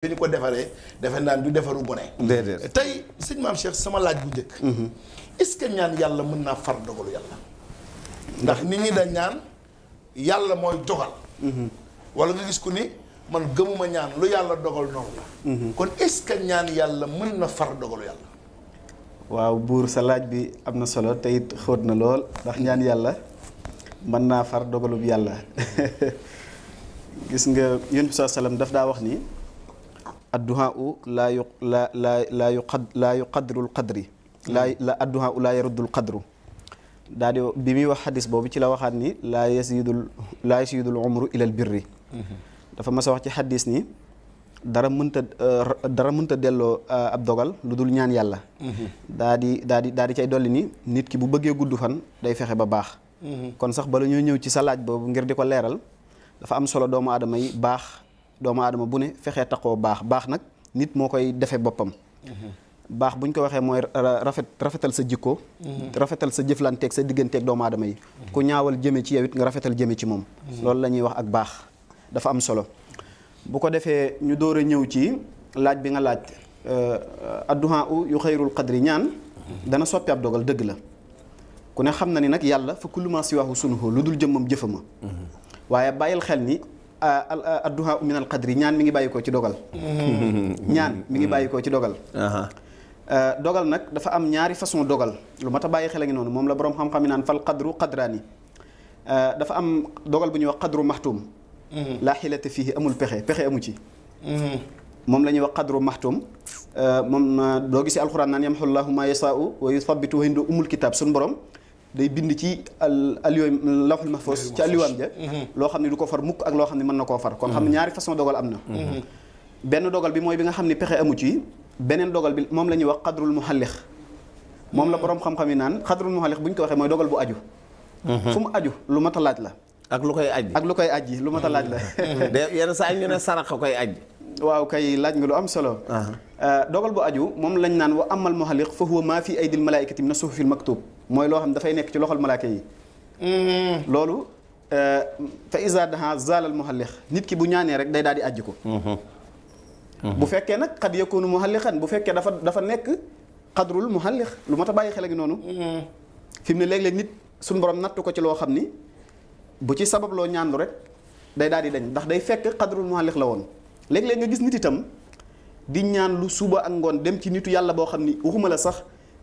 ñu ko defaree defe naan du defaru bone déedéet siñ sëñ maam Cheikh sama laaj bu njëkk mhm. est-ce que ñaan yàlla mën naa far dogalu yàlla ndax nit ñi da ñaan yàlla mooy dogal mhm. wala nga gis ku ni man gëmuma ñaan lu yàlla dogal noonu mhm. kon est-ce que ñaan yàlla mën na far dogalu yàlla waaw buur sa laaj bi am na solo te it xóot na lool ndax ñaan yàlla mën naa far dogalub yàlla gis nga yén bi saa sallam daf daa wax nii adduhaa u laa yu la la laa yu qad laa yu qadrul qadri laa hmm. la adduhaa u laa yaruddul qadru daa di bi muy wax xadis boobu ci la waxaat ni laa yasidul laa yasidul umru ilal birri hmm. dafa mas a wax ci xadis ni dara mënta uh, dara mënta delloo uh, ab dogal lu dul ñaan yàlla hmm. daa di daa di daa di cay dolli ni nit ki bu bëggee gudd fan day fexe ba baax kon sax ba bala ñuy ñëw ci sa laaj boobu ngir di ko leeral dafa am solo doomu aadama yi baax doomu adama bu ne fexee taxoo baax baax nag nit moo koy defee boppam. baax bu ñu ko waxee mooy rafet rafetal sa jikko. Mhm. rafetal sa jëflanteeg sa digganteeg doomu aadama yi. Mhm. ku ñaawal jëme ci yow it nga rafetal jëme ci moom. Mhm. loolu la ñuy wax ak baax dafa am solo. bu ko defee ñu door a ñëw ci laaj bi nga laaj euh, adduhan u yu xayrul qadri ñaan dana soppi ab dogal dëgg la ku ne xam na ni nag yàlla fa kullu ma si lu dul jëmmam jëfama waaye bàyyil xel adduha min al qadri ñaan mi ngi bàyyi ci dogal mm-hmm. ñaan mi ngi bàyyi ci dogal euh, dogal nag dafa am ñaari façon dogal lu mat a bàyyi xel a noonu moom la boroom xam-xam yi naan fal qadru qadraani euh, dafa am dogal bu ñuy wax qadru maxtuum mm-hmm. laa xilata fii amul pexe pexe amu ci mm-hmm. moom la ñuy wax qadru maxtuum euh, moom doo gis ci alxuraan naan yamxullaahu maa yasaau wa yuthabitu wa hindu umul kitaab suñu borom day bind ci al yooyu lawxul mahfuz ci alliwaam ja mhm. loo xam ne du ko far mukk ak loo xam ne mën na koo far kon xam mhm. ñaari façon dogal am na mhm. benn dogal bi mooy bi nga xam ne pexe amu ci beneen dogal bi moom la ñuy wax xadrul muhallix moom la boroom xam-xam yi naan xadrul muhallix bu ñu ko waxee mooy dogal bu aju fu mu aju lu mat a laaj la ak lu koy ajji ak lu koy ajji lu ma laaj la. yenn saa ñu ne sarax koy ajji. waaw kay laaj nga lu am solo. Ah. Euh, dogal bu aju moom lañ naan wa amal muhalliq fa huwa maa fi aydil malaa'ikati min as-suhufil maktub mooy loo xam dafay nekk ci loxol malaaka yi. Mm-hmm. loolu euh, fa izaa daha zaalal muhalliq nit ki bu ñaanee rek day daal di ajji ko. Mm-hmm. Mm-hmm. bu fekkee nag xad yakunu muhalliqan bu fekkee dafa dafa nekk xadrul muhalliq lu ma ta bàyyi noonu. fi mu ne léeg-léeg nit suñu borom nattu ko ci loo xam ni. bu ci sabab loo ñaanlu rek day daal di dañ ndax day fekk xadrul muhalliq la woon léeg-léeg nga gis nit itam di ñaan lu suba ak ngoon dem ci nitu yàlla boo xam ni waxuma la sax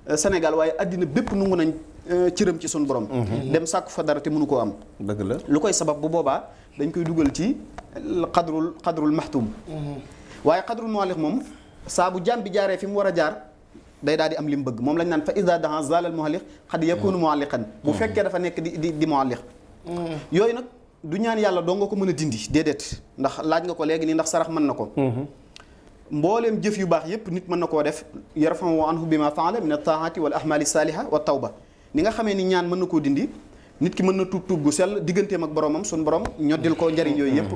euh, Sénégal waaye àddina bépp nungu nañ euh, cëram ci suñu borom. Mm-hmm. dem sàkku fa dara te mënu koo am. dëgg la lu koy sabab bu boobaa dañ koy dugal ci xadrul xadrul maxtum. Mm-hmm. waaye xadrul muhalliq moom saa bu jaam bi jaaree fi mu war a jaar. day daal di am li mu bëgg moom lañ naan fa ida dahan zalal muhalliq xad yakunu muhalliqan mm-hmm. fekkee dafa nekk di di di yooyu nag du ñaan yàlla doo nga ko mën a dindi déedéet ndax laaj nga ko léegi nii ndax sarax mën na ko mhm. mbooleem jëf yu baax yépp nit mën na koo def yarfan wa anhu bima faala min ataati wal ahmali saaliha wa ba ni nga xamee ni ñaan mën na koo dindi nit ki mën na tuub tuub gu sell digganteem ak boromam suñ borom ñoddil ko njariñ yooyu yépp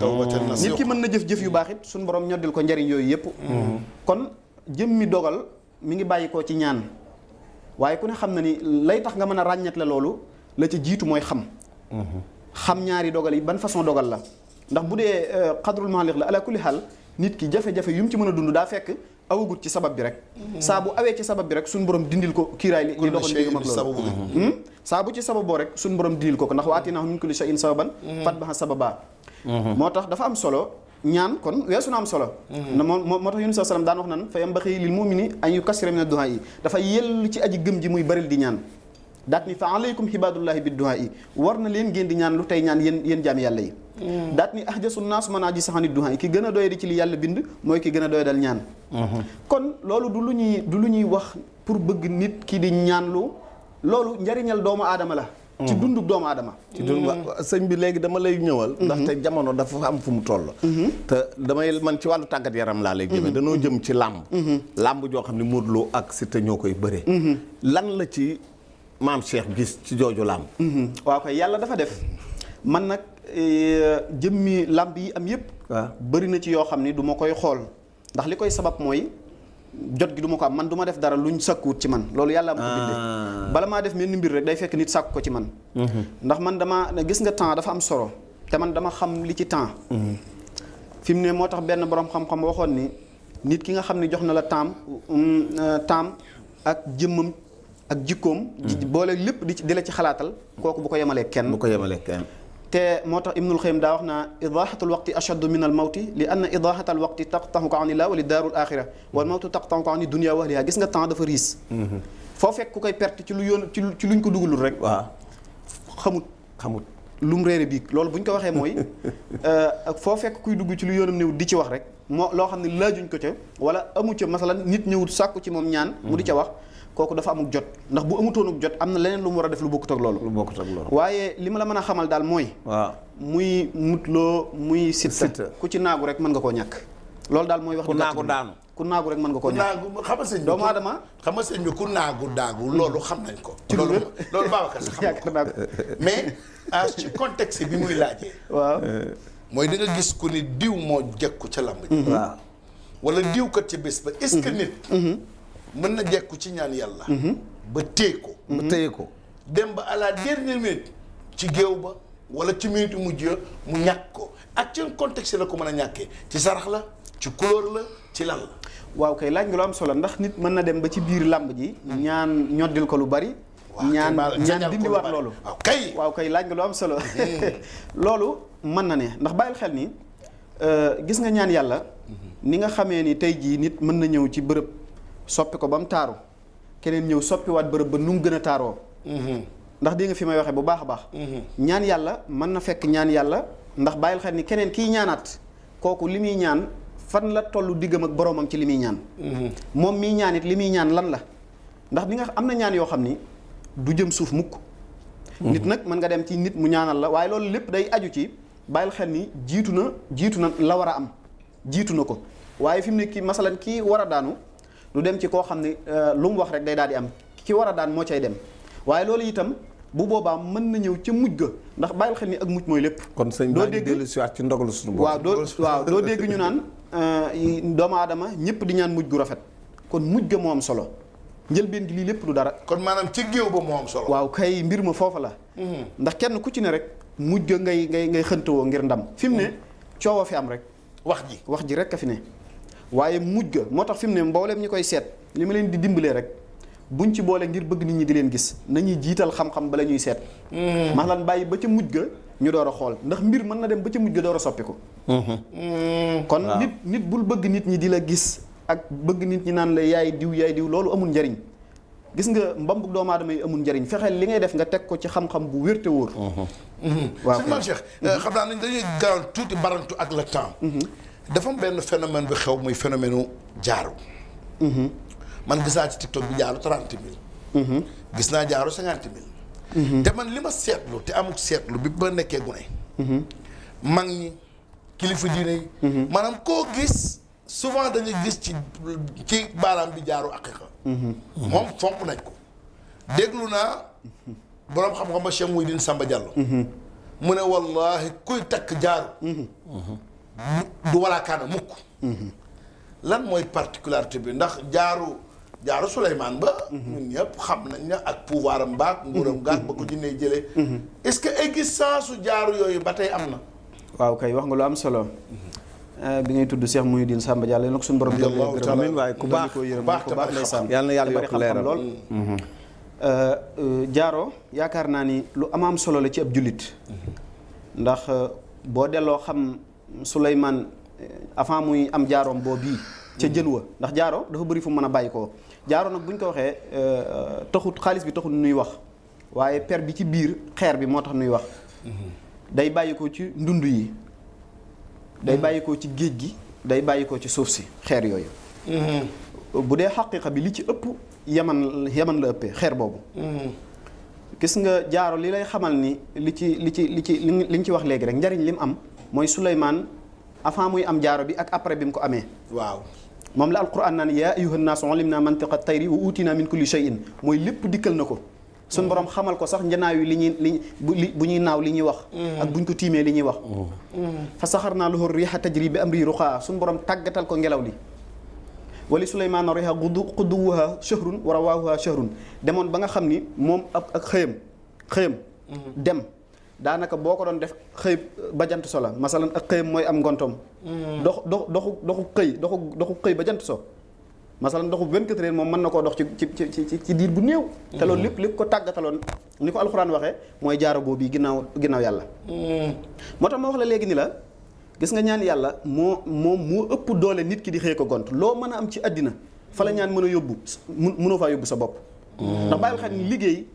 nit ki mën na jëf-jëf yu baax it suñ borom ñoddil ko njariñ yooyu yépp mhm. kon jëmmi dogal mi ngi bàyyi ko ci ñaan waaye ku ne xam na ni lay tax nga mën a la loolu la ci jiitu mooy xam xam ñaari dogal yi ban façon dogal la ndax bu dee xadrul euh, maaliq la ala kulli nit ki jafe-jafe yu mu ci mën a dund daa fekk awagut ci sabab bi rek saa bu awee ci sabab bi rek suñu borom dindil ko kiiraay li doxoon léegi mag loolu hmm? saa bu ci borom dindil ko ko ndax waati naa min kulli shay'in sababan fat baxa sababa hmm. moo tax dafa am solo ñaan kon weesu na am solo hmm. na moo moo tax yunus sallam daan wax nan fa yambaxi lil mu'mini an yukassira min ad-du'a yi dafa yell ci aji gëm ji muy baril di ñaan daat ni fa alaykum xibadullahi bidduhaa yi war na leen ngeen di ñaan lu tey ñaan yéen yéen jaam yàlla yi mm. daat ni ahjasu naas mën a ji saxani duhaa yi ki gën a doy di ci li yàlla bind mooy ki gën a doy dal ñaan mm-hmm. kon loolu du lu ñuy du lu wax pour bëgg nit ki di ñaan lu loolu njariñal doomu aadama la ci mm-hmm. dundu doomu aadama ci dundu mm. sëñ bi léegi dama lay ñëwal mm-hmm. ndaxte jamono dafa am fu mu toll te damay man ci wàllu tàggat yaram laa lay jëme danoo jëm ci làmb làmb joo xam ne Modou Lo ak Siteu ñoo koy bëree maam Cheikh gis ci jooju làmb mhm. waaw kay yàlla dafa def man nag eh, jëmmi làmb yi am yépp bëri na ci yoo xam ni duma koy xool ndax li koy sabab mooy jot gi duma ko am man duma def dara luñ sàkkuwut ci man loolu yàlla am ko bindee ah. bala maa def ni mbir rek day fekk nit sàkku ko ci man mhm. ndax man dama gis nga temps dafa am solo te man dama xam li ci temps mhm. fi mu ne moo tax benn boroom xam-xam waxoon ni nit ki nga xam ne jox na la temps mm, euh, temps ak jëmmam ak jikkoom. di mm-hmm. boole lépp di di la ci xalaatal. kooku bu ko yemalee kenn bu ko yemalee kenn. te moo tax Ibnul Qayyim daa wax naa idaaxatul waqti ashaddu min al mawti li anna idaaxatal waqti taqtaxuka an illaa wali daarul axira mm-hmm. wal mawtu taqtaxuka an dunya wa ahliha gis nga temps dafa riis. Mm-hmm. foo fekk ku koy perte ci lu yoon ci lu luñ ko dugalul rek. waa xamut xamut. lum réere biig loolu bu ñu ko waxee mooy euh, foo fekk kuy dugg ci lu yoonam néew di ci wax rek moo loo xam ne laajuñ ko ca wala amu ca masalan nit ñëwut sàkku ci moom ñaan mu di ca wax kooku dafa amuk jot ndax bu amutoonuk jot am na leneen lu mu war a def lu bokkut ak loolu. lu bokkut ak loolu waaye li ma la mën a xamal daal mooy. muy muy mutloo muy. Siteu ku ci naagu rek mën nga koo ñàkk. loolu daal mooy wax. ku naagu daanu ku naagu rek mën nga koo ñàkk. ku xam nga doomu aadama. xam nga sëñ bi ku naagu daagu mm. loolu xam nañ ko. ci loolu loolu Babacar sax xam nga ko mais ah, ci contexte bi muy laajee. waaw mooy da gis ku ni diw moo jekku ca lamb ji. Mm-hmm. waaw wala diw kat ci bés ba est-ce mm-hmm. nit mm-hmm. mën na jekku ci ñaan yàlla. Mhm. ba téye ko. ba téye ko. dem ba à la dernière ci géew ba wala ci minute mujj mu ñàkk ko ak ci contexte la ko mën a ñàkkee ci sarax la ci couleur ci la. waaw kay laaj solo ndax nit mën na dem ba ci biir làmb ji. Mhm. ñaan ñoddil ko lu bari. ñaan ñaan dindiwaat loolu. waaw kay waaw kay lu am solo. Mhm. loolu mën na ne ndax bàyyil xel ni euh, gis nga ñaan yàlla. ni nga xamee ni tey jii nit mën na ñëw ci bërëb. soppi ko ba mu taaru keneen ñëw soppiwaat bërëb ba nu mu gën a taaroo. Mhm. ndax dégg fi may waxee bu baax a baax. Mhm. ñaan yàlla mën na fekk ñaan yàlla ndax bàyyil xel ni keneen kiy ñaanaat kooku li muy ñaan fan la tollu diggam ak boroomam ci li muy ñaan. Mhm. moom miy ñaan it li muy ñaan lan la ndax di nga am na ñaan yoo xam ni du jëm suuf mukk. nit nag mën nga dem ci nit mu ñaanal la waaye loolu lépp day aju ci bàyyil xel ni jiitu na jiitu na la war a am jiitu na ko waaye fi mu ne kii masalan kii war daanu. lu dem ci koo xam ne euh, lu mu wax rek day daal di am ki war a daan moo cay dem waaye loolu itam bu boobaam mën na ñëw ca mujj ga ndax bàyyil xel ni ak mujj mooy lépp. kon sëñ doo dégg dellu si waat ci suñu bopp. waaw doo waaw doo dégg ñu naan euh, doomu aadama ñëpp di ñaan mujj gu rafet kon mujj ga moo am solo njëlbeen gi lii lépp du dara. kon maanaam ci géew ba moo am solo. waaw kay mbir ma foofa la. Mm-hmm. ndax kenn ku ci ne rek mujj ga ngay ngay ngay woo ngir ndam. fi mu ne mm-hmm. coow a fi am rek. wax ji wax ji rek a fi ne. waaye mujj ga moo tax fi mu ne mbooleem ñi koy seet li ma leen di dimbalee rek buñ ci boole ngir bëgg nit ñi di leen gis nañuy jiital xam-xam bala ñuy seet. Mm-hmm. maanaam bàyyi ba ca mujj ga ñu door a xool ndax mbir mën na dem ba ca mujj ga door a soppi soppiku. Mm-hmm. Mm-hmm. kon nit nit bul bëgg nit ñi di la gis ak bëgg nit ñi naan la yaay diw yaay diw loolu amul njariñ gis nga mbambug doomu aadama yi amul njariñ fexeel li ngay def nga teg ko ci xam-xam bu wérte te wóor. waaw xam naa ne dañuy gaaw tuuti barantu ak le dafa am benn phénomène bi xew muy phénomène u jaaru mhm. man gisaa ci TikTok bi jaaru trente mille mhm. gis naa jaaro cinquante mille mhm. te man li ma seetlu te amul seetlu bi ba nekkee gune mag ñi kilifa diine yi maanaam koo gis souvent dañuy gis ci ci baaraam bi jaaro aqiqa moom fonk nañ ko déglu naa boroom xam-xam ba Cheikh Mouhidine Samba jàll mu ne wallahi kuy takk jaaru du walaakaana mukk lan mooy particularité bi ndax jaaru jaaru Souleymane ba ñun xam nañ ne ak pouvoir am mbaak nguuram mhm. gaak ba ko jinnee jëlee mhm. est-ce que existence su jaaru yooyu ba tey am na waaw kay wax nga lu am solo eh, bi ngay tudd Cheikh Mouhidine Samba Diallo yéen ak suñu borom waaye ku baax ku baax ku baax ndeysaan yàlla na yàlla yokk leeral lool mhm. eh, eh, jaaro yaakaar naa ni lu amaam solo la ci ab jullit ndax boo delloo xam Souleymane eh, avant muy am jaaroom boobu ca jën wa ndax jaaro dafa bari fu mën a bàyyikoo koo jaaro nag bu ñu ko waxee eh, taxut xaalis bi taxut nuy wax waaye per bi ci biir xeer bi moo tax nuy wax day bàyyikoo ci ndund yi day bàyyi ci géej gi day bàyyi ko ci suuf si xeer yooyu bu dee xaqiiqa bi li ci ëpp yaman yaman la ëppee xeer boobu gis nga jaaro li lay xamal ni li ci li ci li ci li ñu ci wax léegi rek njariñ lim am mooy Souleymane avant muy am jaaro bi ak après bi mu ko amee. waaw moom la alquran naan yaa ayyuhan naasu allimnaa mantiqa tayri wa uutinaa min kulli shay'in mooy lépp dikkal na ko. suñ borom xamal ko sax njanaaw yi li ñuy li bu ñuy naaw li ñuy wax mm-hmm. ak buñ ko tiimee li ñuy wax mm-hmm. Mm-hmm. fa saxar naa loxoor riixa tajri bi am rii ruqaa suñ borom tàggatal ko ngelaw li wali suleymaana riixa quduwuha shahrun wa rawaawuha shahrun demoon ba nga xam ni moom ak ak xëyam xëyam daanaka boo ko doon def xëy ba jant so la masalan ak xëyam mooy am ngontom mm. dox dox doxu doxu xëy doxu doxu xëy ba jant so masalan doxu 24 heures moom mën na koo dox ci ci ci ci diir bu néew te loolu lépp lépp ko tàggataloon ni ko alxuraan waxee mooy jaaro boobu yi ginnaaw ginnaaw yàlla mm. moo tax ma wax la léegi ni la gis nga ñaan yàlla moo moom moo ëpp doole nit ki di xëyee ko gont loo mën a am ci àddina fa la ñaan mën a yóbbu mënoo faa yóbbu sa bopp mm.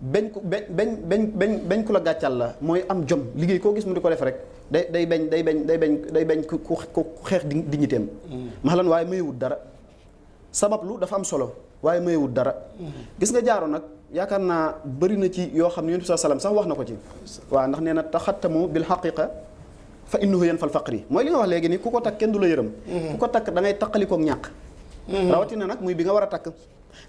bañ ku bañ bañ bañ bañ ku la gàccal la mooy am jom liggéey koo gis mu di ko def rek day day bañ day bañ day bañ day bañ ku ku xeex dignitéem max mm. lan waaye mayewut dara sabab lu dafa am solo waaye mayewut dara mm. gis nga jaaro nag yaakaar naa bëri na ci yoo xam ne yonent bi salaam sax wax na ko ci waaw ndax nee na taxattamu bil xaqiqa fa innahu yan fal faqri mooy li nga wax léegi ni ku ko takk kenn du la yërëm mm. ku ko takk da ngay taqalikoog ñàkk rawatina nag muy bi nga war a takk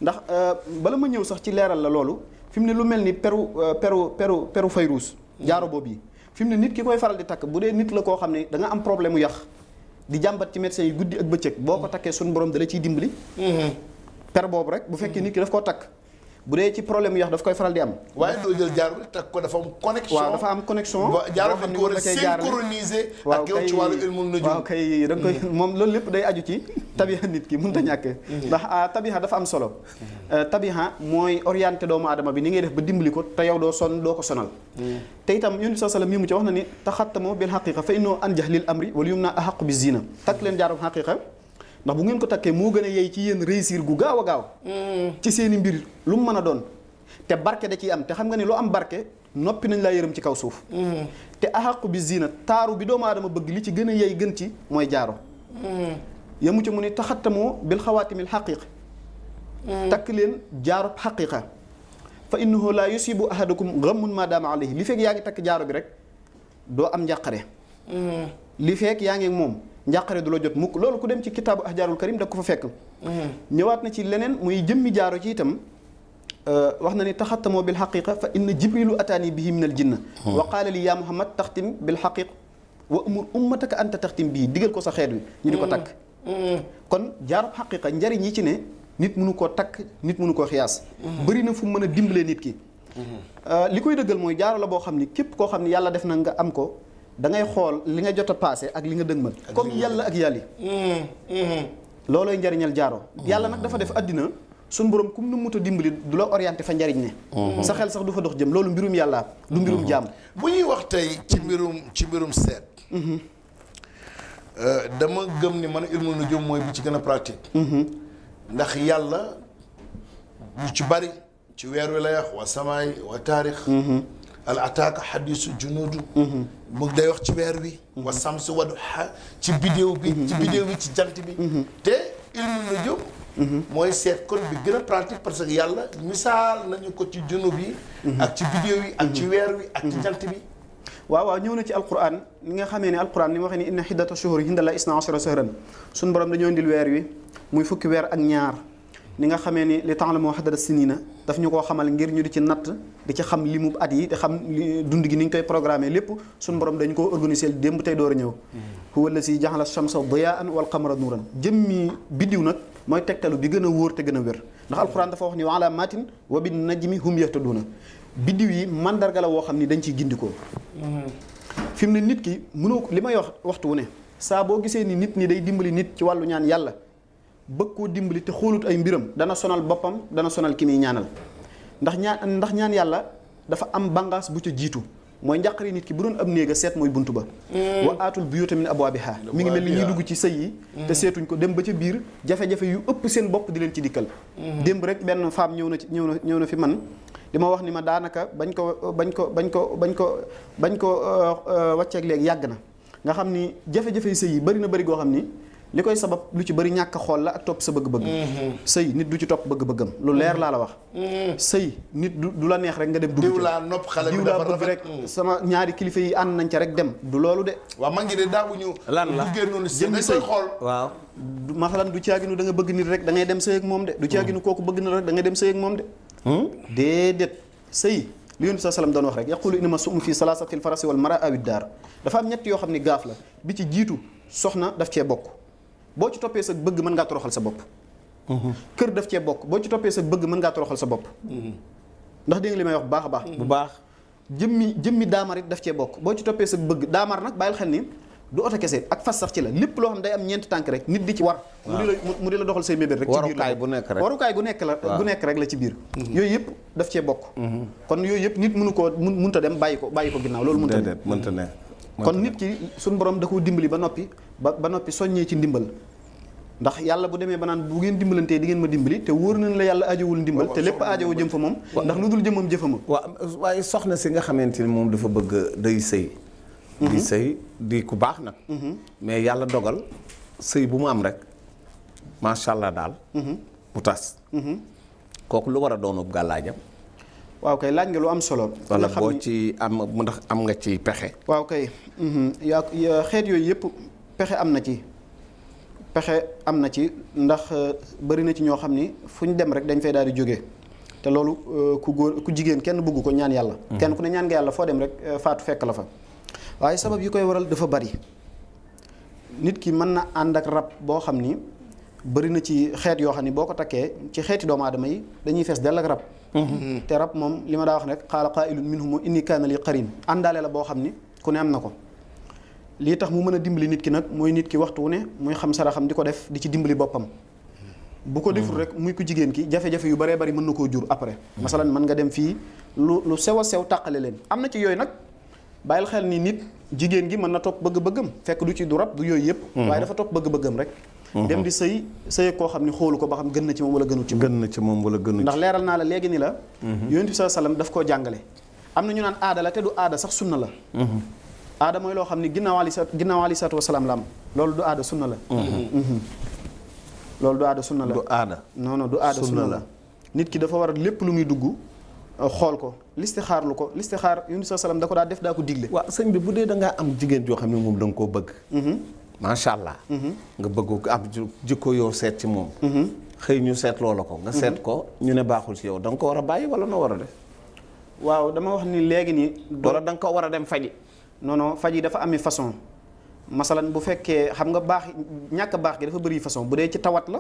ndax euh, bala ma ñëw sax ci leeral la loolu fi mu ne lu mel ni peru euh, peru peru peru fayruus hmm. jaaro boobu yi fi mu ne nit ki koy faral di takk bu dee nit la koo xam ne da am problème mu yàq di jàmbat ci médecins yi guddi ak bëccëg boo ko hmm. takkee suñu borom dala ciy dimbali hmm. per boobu rek bu fekkee nit ki daf koo takk bu dee ci problème yox daf koy faral di am. waaye doo jël jaarul takk ko dafa am connexion. waaw dafa am connexion. boo xam ne war a synchroniser. ak yow ci wàllu ilmul nujum waaw kay da koy mm-hmm. moom loolu lépp day aju ci. tabiha nit ki mun a ñàkk. Mm-hmm. ndax ah, tabiha dafa am solo. Mm-hmm. Euh, tabiha mooy orienté doomu aadama bi ni ngay def ba dimbali ko te yow doo sonn doo ko sonal. te itam yonent sallam mi mu ci wax na ni taxattamu bil xaqiqa fa innoo anjah lil amri wala yum naa ahaqu bi zina takk leen jaarul xaqiqa ndax bu ngeen ko takkee moo gën a yey ci yéen réussir gu gaaw a gaaw. Mm. ci seeni mbir lu mu mën a doon. te barke da ci am te xam nga ne loo am barke noppi nañ laa yërëm ci kaw suuf. Mm. te axaqu bi ziina taaru bi doomu aadama bëgg li ci gën a yey gën ci mooy jaaro. Mm. yamu ci mu ne taxattamoo bil xawaatimil xaqiq. takk leen jaaro xaqiqa. fa innahu laa yusibu ahadakum ghammun ma daama alayhi li fekk yaa ngi takk jaaro bi rek doo am njàqare. li fekk yaa ngi moom. njàqare du la jot mukk loolu ku dem ci kitaabu ahjaarul karim da ko fa fekk mm-hmm. ñëwaat na ci leneen muy jëmmi jaaro ci itam euh, wax na ni taxatamoo bil xaqiqa fa inna jibrilu ataani bihi min al jinna mm-hmm. wa qaala li yaa muhammad taxtim bil xaqiq wa umur ummataka anta taxtim bii digal ko sa xeet wi ñu di ko mm-hmm. takk kon jaarub xaqiqa njariñ yi ci ne nit munu ko takk nit munu ko xiyaas bëri na fu mën a dimbalee nit ki euh, li koy dëggal mooy jaaro la boo xam ni képp koo xam ni yàlla def na nga am ko da ngay xool li nga jot a passé ak li nga dëgmal comme yàlla ak yàlli mm, mm, mm. loolooy njariñal jaaro yàlla nag dafa def àddina suñ borom kum nu mut a dimbali du la orienté fa njariñ ne mm-hmm. sa xel sax du fa dox jëm loolu mbirum yàlla du mbirum mm-hmm. jaam bu ñuy wax tey ci mbirum ci mbirum seet mm-hmm. euh, dama gëm ni man ilmu nujum mooy bi ci gën a pratique ndax yàlla yu ci bari ci weer wi lay wax wa samaay wa taarix al ataaka xadiisu junuudu mu day wax ci weer wi. wa samsu wadduha ci bidéew bi. Mhm. ci bidéew bi ci jant bi. Mhm. te ilmu la jóg. mooy seet kon bi gën a pratique parce que yàlla misaal nañu ko ci junub yi. Mhm. ak ci bidéew yi ak ci weer wi ak ci jant bi. waawaa ñëw na ci alquran ni nga xamee ne alquran ni ma waxee ni inna xiddata shuhuri hindala isna ashara sahran suñu borom dañoo indil weer wi muy fukki weer ak ñaar. ni nga xamee ni li temps la moo xadara sinina daf ñu koo xamal ngir ñu di ci natt di ci xam li mu at yi di xam dund gi ni ñu koy programmé lépp suñ borom dañ koo organisé démb tey door a ñëw hmm. huwa allazi jaxala shamsa diyaan wal qamara nuuran jëmmi biddiw nag mooy tegtalu bi gën a wóor te gën a wér ndax alquran dafa wax ni wa alaamatin wa bin najmi hum yahtaduuna biddiw yi mandarga la woo xam ni dañ ciy gindikoo hmm. fi mu ne nit ki mënoo li may wax waxtu wu ne saa boo gisee ni nit ñi day dimbali nit ci wàllu ñaan yàlla bëgg koo dimbali te xoolut ay mbiram dana sonal boppam dana sonal ki muy ñaanal ndax ñaan ndax ñaan yàlla dafa am bàngaas bu ca jiitu mooy njàqari nit ki bu doon am néega seet mooy bunt ba mm. wa aatul buyuuta min abwaabihaa mi ngi mel ni ñuy dugg ci sëy yi mm. te seetuñ ko dem ba ca biir jafe-jafe yu ëpp seen bopp di leen ci dikkal mm. démb rek benn femme ñëw na ci ñëw na ñëw na fi man li ma wax ni ma daanaka bañ ko bañ ko bañ ko bañ ko bañ ko euh, euh, wàcceeg léegi yàgg na nga xam ni jafe-jafe yi bari na bari goo xam ni li koy sabab lu ci bari ñàkk xool la ak topp sa bëgg-bëgg mhm. sëy nit du ci topp bëgg-bëggam lu leer laa la wax mhm. sëy nit du la neex rek nga dem dugg diw laa nopp xale bi dafa rafet rek mhm. sama ñaari kilifa yi ànd nañ ca rek dem du loolu de waaw ma ngi de daawuñu lan la duggee noonu si dañ koy xool waaw masalan du caaginu da nga bëgg nit rek da ngay dem sëy ak moom de du caaginu kooku bëgg nit rek da ngay dem sëy ak moom de hmm? déedéet sëy li yonent saa salaam doon wax rek yaqulu innama suum fi salaasatil farasi wal mara awid daar dafa am ñett yoo xam ne gaaf la bi ci jiitu soxna daf cee bokk boo ci toppee sa bëgg mën ngaa toroxal sa bopp. Mhm. kër daf cee bokk boo ci toppee sa bëgg mën ngaa toroxal sa bopp. Mhm. ndax dégg nga li may wax bu baax a baax. bu baax jëmmi jëmmi daamar it daf cee bokk boo ci toppee sa bëgg daamar nag bàyyil xel ni du oto kese ak fas sax ci la lépp loo xam day am ñeenti tànk rek nit di ci war. mu di la mu di la doxal say mébét rek. ci biir warukaay nekk rek warukaay gu nekk la gu nekk rek la ci biir. Mhm. yooyu yëpp daf cee bokk. kon yooyu yëpp nit mënu koo mun mënut dem bàyyi ko bàyyi ko ginnaaw loolu mun a. déedéet mënut a ne kon nit ki suñu borom da koo dimbali ba noppi ba ba noppi soññee ci ndimbal ndax yàlla bu demee ba naan bu ngeen dimbalantee di ngeen ma dimbali te wóor nañ la yàlla ajowul ndimbal te lépp ajowo jëm fa moom ndax lu dul jëmam jëfama waaw waaye soxna si nga xamante ni moom dafa bëgg day sëy di mhm. di ku baax nag mhm. mais yàlla dogal sëy bu mu am rek macha allah daal bu mhm. tas kooku lu war a doonub gàllaajam waaw kay laaj nga lu am solo wala boo ci am ndax am nga ci pexe waaw kay yaa xeet yooyu yëpp pexe am na ci pexe am na ci ndax euh, bari na ci ñoo xam ni fu ñu dem rek dañ fay daal di jóge te loolu euh, ku góor ku jigéen kenn bugg ko ñaan yàlla. Mm-hmm. kenn ku ne ñaan nga yàlla foo dem rek euh, faatu fekk la fa. waaye sabab yi koy waral dafa bari nit ki mën na ànd ak rab boo xam ni bari na ci xeet yoo xam ni boo ko takkee ci xeeti doomu adama yi dañuy fees dell ak rab. Mm-hmm. te rab moom li ma daa wax rek qaala qaa'ilun minhum inni kaana li qarin àndaale la boo xam ni ku ne na ko. lii tax mu mën a dimbali nit ki nag mooy nit ki waxtu wu ne muy xam saraxam di ko def di ci dimbali boppam bu ko deful rek muy ko jigéen ki jafe-jafe yu baree bari mën na koo jur après masalan mën nga dem fii lu lu sew a sew tàqale leen am na ci yooyu nag bàyyil xel ni nit jigéen gi mën na topp bëgg-bëggam fekk ci du rab yooyu yëpp mhm. waaye dafa topp bëgg-bëggam rek mhm. dem di sëy sëy koo xam ne xoolu ko ba xam gën na ci wala gënu ci gën na ci moom wala gënu ndax leeral naa la léegi ni la mhm. yonent bi sallallahu alayhi wasallam daf koo jàngale am na ñu naan aada la te du aada sax sunna la aada mooy loo xam ni ginnaaw ali sa ginnaaw ali salaatu wasalaam la loolu du aada sunna la mm-hmm. Mm-hmm. loolu du aada sunna la du aada non du aada sunna la nit ki dafa war a lépp lu muy dugg euh, xool ko listixaar lu ko listixaar yunus salaam da ko daa def daa ko digle waaw sëñ bi bu dee da ngaa am jigéen joo xam ne moom da nga koo bëgg mm-hmm. macha allah nga bëgg ko am jikko yow seet ci moom xëy ñu seet loola ko nga seet ko ñu ne baaxul ci yow da nga ko war a bàyyi wala noo war non faj yi dafa ami façon masalan bu fekkee xam nga baax ñàkk baax gi dafa bëri façon bu dee ci tawat la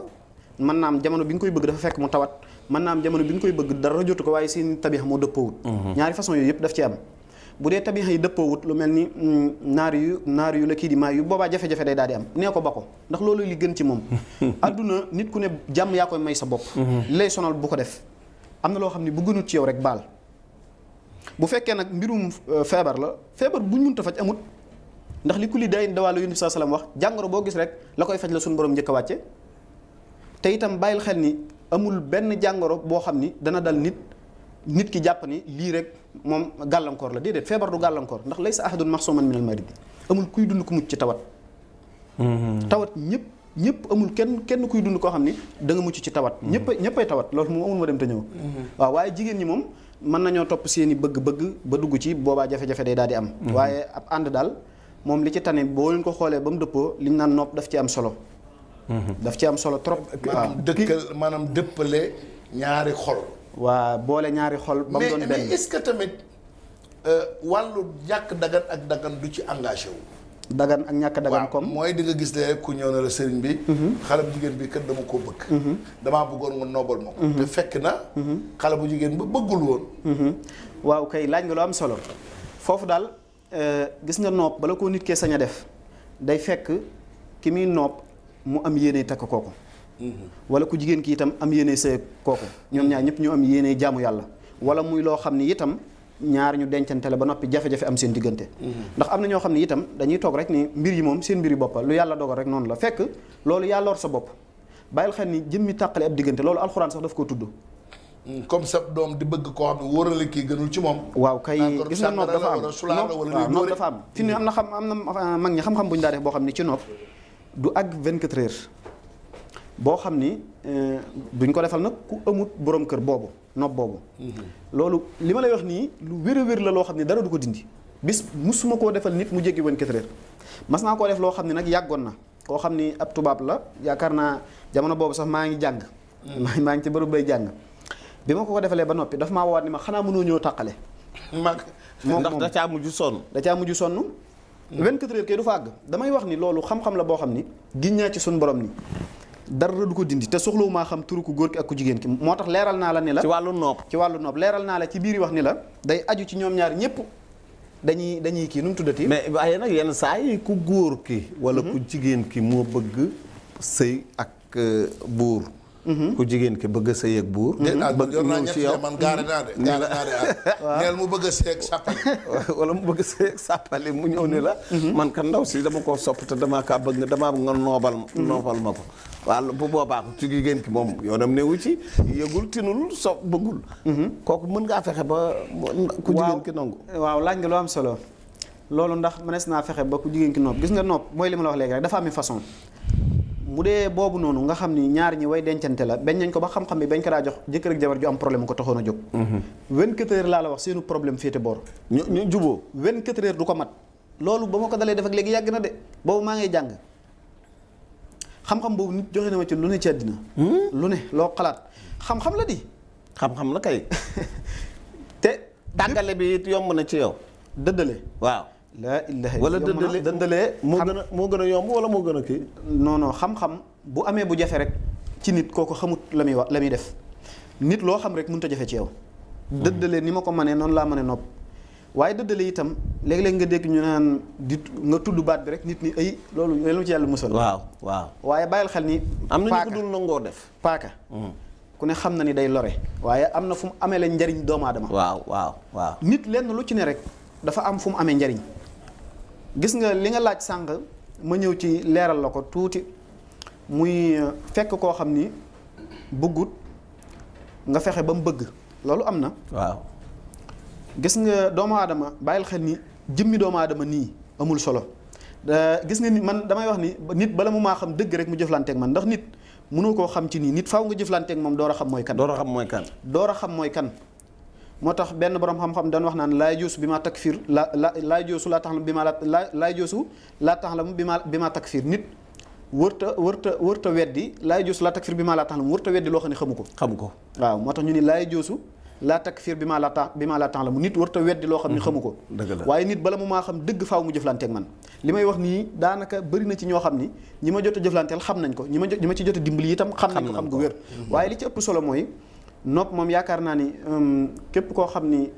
mën naa am jamono bi nga koy bëgg dafa fekk mu tawat mën naa am jamono bi nga koy bëgg dara jotu ko waaye seen tabiix moo dëppoowut mhm. ñaari façon yooyu yëpp daf ci am bu dee tabiix yi dëppoowut lu mel ni mm, naar yu naar yu la kii di maa yu boobaa jafe-jafe day daal di am nee ko ba ko ndax loolu li gën ci moom adduna nit ku ne jàmm yaa koy may sa bopp mhm. lay sonal bu ko def am na loo xam ne bu gënut ci rek baal bu fekkee nag mbirum euh, feebar la feebar buñ mënta faj amut ndax li kulli daayin dawaa la yonent sa la mu wax jàngoro boo gis rek la koy faj la suñu borom njëkk a wàcce te itam bàyyil xel ni amul benn jàngoro boo xam ni dana dal nit nit ki jàpp ni lii rek moom gàllankoor la déedéet feebar du gàllankoor ndax laysa ahadun mahsuman min al marid amul kuy dund ku mucc ci tawat mm-hmm. tawat ñëpp ñëpp amul kenn kenn kuy dund koo xam ni da nga mucc ci tawat mm-hmm. ñëpp ñëppay tawat moom ñëw mm-hmm. mën nañoo topp seeni bëgg-bëgg ba dugg ci boobaa jafe-jafe day daal di am. Mhm. waaye ab ànd daal moom li ci tane boo leen ko xoolee ba mu dëppoo li ñu naan nopp daf ci am solo. Mhm. daf ci am solo trop. waaw dëkkal maanaam dëppale ñaari xol. waa boole ñaari xol. ba mu doon benn mais est que tamit euh, wàllu ñàkk dagan ak daggan du ci engagé wu. dagan ak ñàkk dagan comme mooy di nga gis ne ku ñëw na la sëriñ bi mhm. xale bu jigéen bi kat dama ko bëgg mhm. damaa bëggoon nga noobal ma ko mhm. te fekk na xale bu jigéen ba bëggul woon waaw kay laaj nga lu am solo foofu daal euh, gis nga noob bala koo nit kee sañ a def day fekk ki muy noob mu am yéene takk kooku wala ku jigéen ki itam am yéene sëy kooku ñoom ñaar ñëpp ñu am yéene jaamu yàlla wala muy loo xam ni itam ñaar ñu dencante la ba noppi jafe-jafe am seen diggante mhm. ndax am na ñoo xam ne itam dañuy toog rek ni mbir yi moom seen mbir yi boppa lu yàlla dogal rek noonu la fekk loolu yàlla lor sa bopp bàyyil xel ni jëmmi tàqale ab diggante loolu alxuraan sax daf ko tudd hmm, comme sa doom di bëgg koo xam ne wóorale kii gënul ci moom waaw kay gis nga nopp dafa am nopp dafa am fi am na xam am na uh, mag ñi xam-xam bu ñu daa def boo xam ne ci nopp du ak 24 heures boo xam ni euh, duñ ko defal nag ku amut borom kër boobu nopp boobu. Mhm. loolu li ma lay wax nii lu wér a wér la loo xam ni dara du ko dindi. bis musuma koo defal nit mu jege woon quatre heures mas naa koo def loo xam ne nag yàggoon na koo xam ni ab tubaab la yaakaar naa jamono boobu sax maa ngi jàng. Mm. maa ngi ci bërëb bay jàng. bi ma ko ko ba noppi daf maa woowaat ni ma xanaa mënoo ñëw tàqale. mag ndax da caa mujj sonn. da caa mujj sonn. 24 mm. heures kay du àgg damay wax ni loolu xam-xam la boo xam ni. giñ naa ci suñu boroom ni dara du ko dindi te soxlawu maa xam turu ko góor ki ak ku jigéen ki moo tax leeral naa la ni la ci wàllu noob ci wàllu noob leeral naa la ci biir wax ni la day aju ci ñoom ñaar ñëpp dañuy dañuy kii nu mu tuddati mais waaye nag yenn saa yi ku góor ki wala mhm. ku jigéen ki moo bëgg sëy ak euh, buur Mm-hmm. ku jigéen ki bëgg a sëy ak buur. Mm-hmm. Ah, bëgg ñëw si yow man gaare naa de gaare naa de ah. neel mu bëgg a sëy sàppali. mu ñëw ni la. Mm-hmm. man ka ndaw si dama koo sopp te damaa kaa bëgg damaa nga noobal ma. ma ko waaw bu boobaa ku jigéen ki moom yoonam newu ci yëgul tinul so bëggul. kooku mën ngaa fexe ba. ku jigéen ki nangu. waaw laaj nga lu am solo. loolu ndax mënees naa fexe ba ku jigéen ki nopp gis nga nopp mooy li ma la wax léegi rek dafa am façon mu dee boobu noonu nga xam ni ñaar ñi way dencante la bañ nañ ko ba xam-xam bi bañ ko daa jox jëkkër ak jabar ju am problème ko taxoon a jóg. 24 mhm. heures laa la wax seenu problème féete boor. ñu ñu juboo 24 heures du ko mat. loolu ba ma ko dalee def ak léegi yàgg na de boobu maa ngi jàng xam-xam boobu nit joxe na ma ci lu ne ci àddina. Hmm? lu ne loo xalaat xam-xam la di. xam-xam la kay. te. tàggale bi it yomb na ci yow. dëddale waaw. laa ilaha wala dëndale dëndalee moo gën a moo gën a yomb wala moo gën a kii non non xam-xam bu amee bu jafe rek ci nit kooku xamut la muy wax la muy def nit loo xam rek mënut a jafe ci yow hmm. dëndalee ni ma ko manee noonu laa mënee nopp waaye dëddale itam léeg-léeg nga dégg ñu naan di tu nga tudd baat bi rek nit ñi ay loolu yéen a ci yàlla musal. waaw waaw waaye bàyyil xel ni. am na ñu ko dul nangoo def paaka. Hmm. ku ne xam na ni day lore. waaye am na fu mu amee la njariñ doomu aadama. waaw waaw waaw. nit lenn lu ci ne rek dafa am fu mu amee njariñ. gis nga li nga laaj sànq ma ñëw ci leeral la ko tuuti muy euh, fekk koo xam ni bëggut nga fexe ba mu bëgg loolu am na. waaw gis nga doomu aadama bàyyil xel ni jëmmi doomu aadama nii amul solo gis nga ni man damay wax ni nit bala mu maa xam dëgg rek mu jëflanteeg man ndax nit mënoo koo xam ci nii nit faaw nga jëflanteeg moom door xam mooy kan. door a xam mooy kan. door a xam mooy kan. moo tax benn borom xam-xam dañ wax naan laay joosu bi ma takfir la la laa tax la bi ma la laay joosu laa tax la mu bi ma bi ma takfir nit wërta wërta wërta weddi laay joosu laa takfir bi ma laa tax la mu wërta weddi loo xam ne xamu ko xamu ko waaw moo tax ñu ni laay joosu laa fiir bi ma la tax bi ma laa tax la mu nit warta weddi loo xam ne xamu ko mm-hmm. waaye nit bala mu maa xam dëgg faaw mu jëflanteeg man li may wax nii daanaka bari na ci ñoo xam ni ñi ma jot a jëflanteel xam nañ ko ñi ma ñi ma ci jot a dimbali itam xam nañ ko xam gu wér mm-hmm. waaye li ci ëpp solo mooy nopp moom yaakaar naa ni képp koo xam ni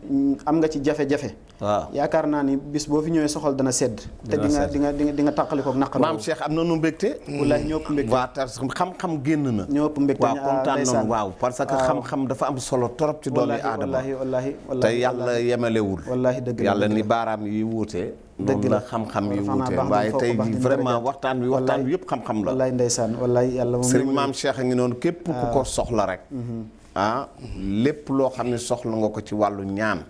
am nga ci jafe-jafe. waaw yaakaar naa ni bis boo fi ñëwee soxal dana sedd. te di nga di di nga tàqali koog naqar. maam Cheikh am na nu mbégte. walaay ñoo ëpp mbégte waaw xam-xam génn na. ñoo ëpp mbégte waaw parce que xam-xam dafa am solo torop ci doomi aadama wallaahi wallaahi wallaahi te yàlla yemalewul. wallaahi dëgg yàlla ni baaraam yi wuute. dëgg la xam-xam yi wuute waaye tey vraiment waxtaan wi waxtaan wi yëpp xam-xam la. wallaay ndeysaan wallaay yàlla moom. sëriñ maam Cheikh a ngi noonu képp ku ko ah. soxla rek mm-hmm. ah lépp loo xam ne soxla nga ko ci wàllu ñaan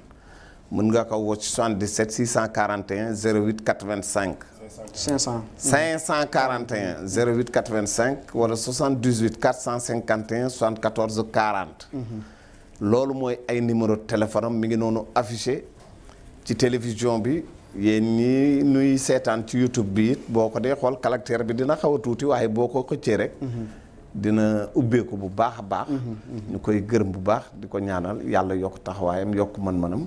mën nga ko woo ci 77 641 08 85. 500 541 08 85 wala 78 451 74 quarante mhm. loolu mooy ay numéro téléphone am mi ngi noonu affiché ci télévision bi yéen ñi nuy seetaan ci YouTube bi it boo ko dee xool caractère bi dina xaw a tuuti waaye boo ko xëccee rek. Mhm. dina ubbeeku bu baax a baax. Mhm, mhm. ñu koy gërëm bu baax di ko ñaanal yàlla yokk taxawaayam yokk mën-mënam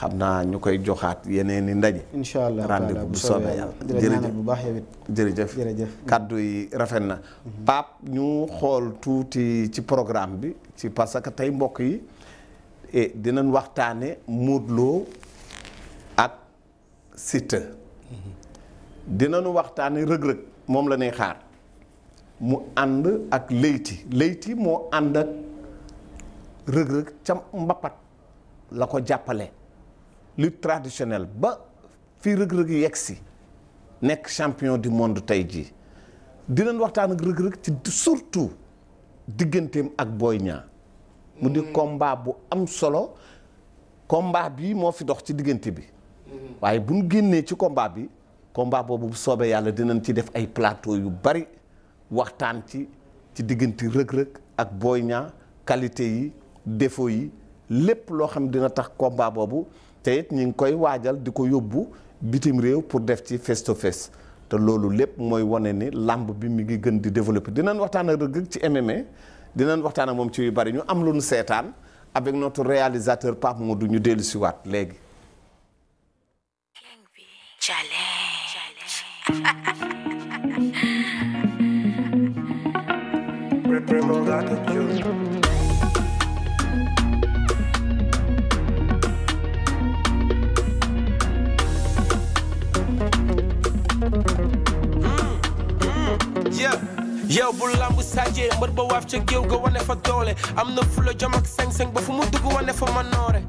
xam naa ñu koy joxaat yeneen i ndaje. incha allah rendez-vous bu soobee yàlla jërëjëf bu baax yow jërëjëf jërëjëf kàddu yi rafet na. Mhm. Pape ñu xool tuuti ci programme bi ci parce que tey mbokk yi et dinañ waxtaane Modou Lo ak Siteu. dinañu waxtaane rëg-rëg moom la nuy xaar. mu ànd ak léyti léyti moo ànd ak rëg-rëg ca mbappat la ko jàppale lu traditionnel ba fii rëg-rëg yegg si nekk champion du monde tey jii dinañ waxtaan ak rëg-rëg ci surtout digganteem ak Boy Niang mu ni mm. combat bu am solo combat bii moo fi dox ci diggante bi mm. waaye bu ñu génnee ci combat bi combat boobu bu soobee yàlla dinañ ci def ay plateau yu bari waxtaan ci ci diggante rëg-rëg ak Boy Niang qualité yi défo yi lépp loo xam dina tax combat boobu te it ñu ngi koy waajal di ko yóbbu bitim réew pour def ci face to face te loolu lépp mooy wane ni làmb bi mu ngi gën di développer dinañ waxtaan ak rëg ci MMA dinañ waxtaan ak moom ci yu bari ñu am lu nu seetaan avec notre réalisateur Pape Modou ñu dellu waat léegi. primo date giù. yow bu lamb saajee mbër ba waaf ca géew ga wane fa doole am na fula jom ak seng-seng ba fu mu dugg wane fa manoore